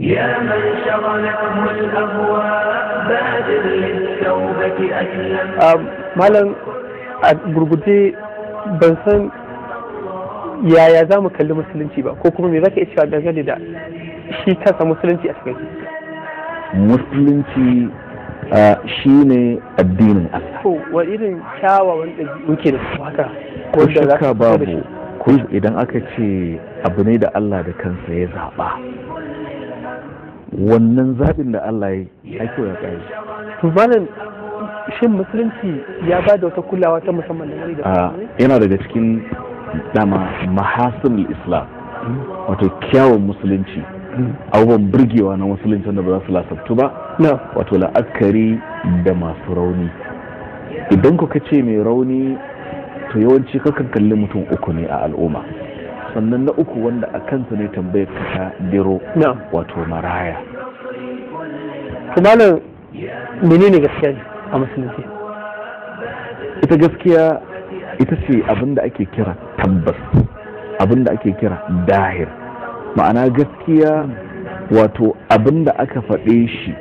يا من شغلته الأبواب بادر للتوبة أسلم مالا gurguje ban san yaya za mu kalli musulunci ba ko kuma me zaka iya cewa dangane da shi kansa musulunci a cikin musulunci shi ne addinin Allah. Ko wa irin kyawawan ɗabi'u ke da su haka? Ko shakka babu ko idan aka ce abu ne da Allah da kansa ya zaɓa. wannan zaɓin da Allah ya yi ya ƙari. to malam shin musulunci ya ba da wata kulawa ta musamman da wani da yana daga cikin dama mahasin islam wato kyawun musulunci abubuwan burgewa na musulunci da ba za su lasabtu ba wato la'akari da masu rauni idan ka ce mai rauni to yawanci kakan kalli mutum uku ne a al'umma sannan na uku wanda a kansa ne tambayar ka ta diro wato maraya malam menene gaskiya a musulunci ita gaskiya ita ce abinda ake kira tabbas abinda ake kira dahir ma'ana gaskiya wato abinda aka faɗe shi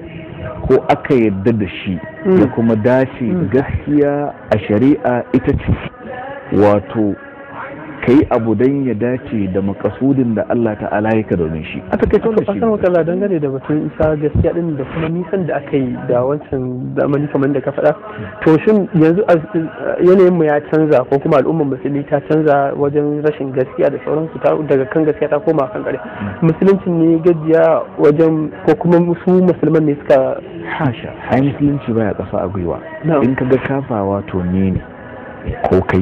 ko aka yadda da shi mm. ya kuma dace mm. gaskiya a shari'a ita ce wato ka yi abu don ya dace da makasudin da Allah ta'ala ya ka domin shi a take tun da shi asan wakala gane da batun isa gaskiya din da kuma nisan da aka yi da wancan zamani kamar da ka faɗa to shin yanzu yanayin mu ya canza ko kuma al'ummar musulmi ta canza wajen rashin gaskiya da sauransu daga kan gaskiya ta koma kan kare musulunci ne gajiya wajen ko kuma su musulman ne suka hasha ai musulunci baya ƙasa a gwiwa in ka ga kafawa to ne ne ko kai